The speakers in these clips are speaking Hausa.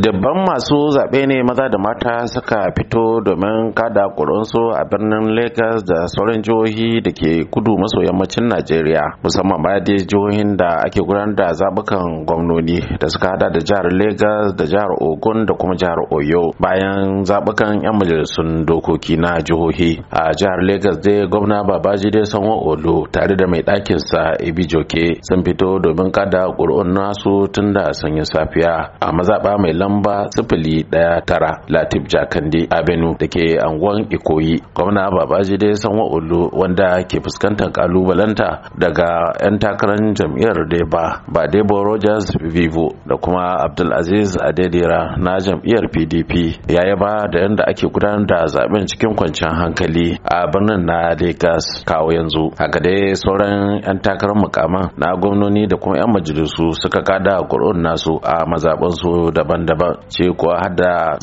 dabban masu zaɓe ne maza da mata suka fito domin kada ƙuransu a birnin lagos da sauran jihohi da ke kudu maso yammacin najeriya musamman ma dai jihohin da ake gudanar da zaɓukan gwamnoni da suka hada da jihar lagos da jihar ogun da kuma jihar oyo bayan zaɓukan yan majalisun dokoki na jihohi a jihar lagos dai gwamna babajide sanwo olu tare da mai ɗakinsa ibi joke sun fito domin kada ƙuri'un nasu tun da sanyin safiya a mazaɓa mai lamba sifili ɗaya tara latif jakande avenue da ke anguwan ikoyi gwamna babaji da sanwa olu wanda ke fuskantar kalubalanta daga 'yan takarar jam'iyyar deba ba debo rogers vivo da kuma abdulaziz adedira na jam'iyyar pdp ya yaba da yadda ake gudanar da zaben cikin kwanciyar hankali a birnin na lagos kawo yanzu haka dai sauran 'yan takarar mukaman na gwamnoni da kuma 'yan majalisu suka kada kuri'un nasu a mazaɓansu daban-daban daban ce kuwa hada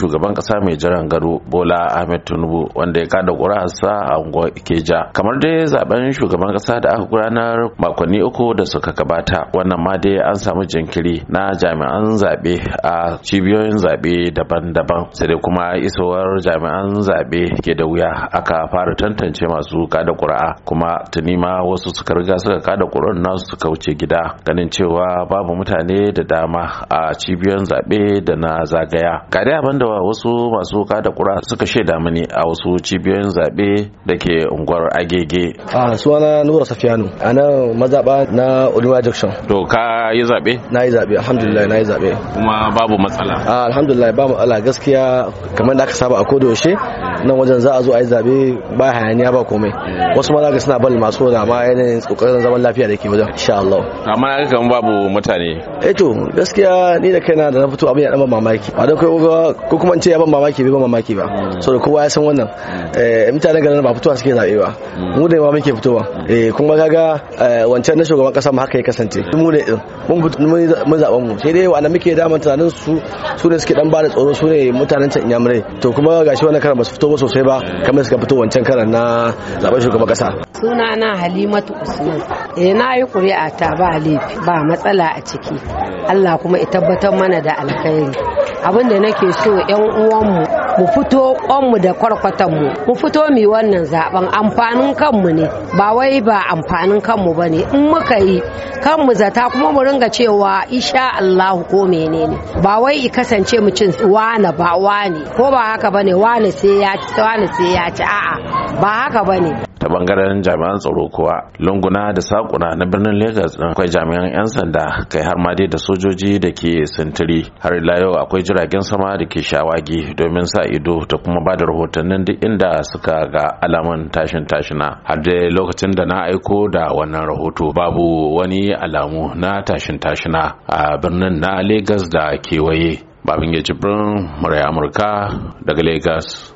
shugaban kasa mai jiran gado bola ahmed tinubu wanda ya kada sa a unguwar ikeja kamar dai zaben shugaban kasa da aka gudanar makonni uku da suka gabata wannan ma dai an samu jinkiri na jami'an zabe a cibiyoyin zabe daban-daban sai dai kuma isowar jami'an zabe ke da wuya aka fara tantance masu kada kuri'a kuma tuni ma wasu suka riga suka kada ƙuri'ar nasu suka wuce gida ganin cewa babu mutane da dama a cibiyoyin zaɓe da na zagaya ga dai abin da wasu masu kada kura suka shaida mini a wasu cibiyoyin zaɓe da ke unguwar agege a suna nura safiyanu a nan mazaɓa na olima junction to ka yi zaɓe na yi zaɓe alhamdulillah na yi zaɓe kuma babu matsala a alhamdulillah ba matsala gaskiya kamar da aka saba a koda yaushe nan wajen za a zo a yi zaɓe ba hayaniya ba komai wasu ma za suna bal masu da ma yanayin tsokarin zaman lafiya da ke wajen insha Allah amma ya kamar babu mutane eh to gaskiya ni da kaina da na fito abin ya dan mamaki ba da ko kuma in ce ya ban mamaki bai ban mamaki ba saboda kowa ya san wannan eh, mutanen garin ba fitowa suke zabe ba mu da ma muke fitowa eh kuma kaga eh, wancan na shugaban kasa ma haka ya kasance mu ne din mun mun zaben mu sai dai wanda muke da tunanin su su ne suke dan ba da tsoro su ne mutanen can inyamurai to kuma gashi wannan karan ba su fito ba sosai ba kamar suka fito wancan karan na zaben shugaban kasa suna na halimatu usman eh na yi kuri'a ta ba laifi ba matsala a ciki Allah kuma ya tabbatar mana da alkhairi abin da nake so yan uwanmu mu fito kwanmu da kwarkwatan mu mu fito mu wannan zaben amfanin kanmu ne ba wai ba amfanin kanmu ba ne in muka yi kanmu zata kuma mu ringa cewa isha Allah ko menene ba wai i kasance mu cin wani ba wani, ko ba haka bane wani sai ya ci wani sai ya ci a'a ba haka bane ta bangaren jami'an tsaro kuwa lunguna da sakuna na birnin lagos din akwai jami'an 'yan sanda kai har ma da sojoji da ke sintiri har ila yau akwai jiragen sama da ke shawagi domin sa ido ta kuma ba da rahotannin duk inda suka ga alamun tashin tashina har dai lokacin da na aiko da wannan rahoto babu wani alamu na tashin tashina a birnin na lagos da kewaye babin ya jibrin murai amurka daga lagos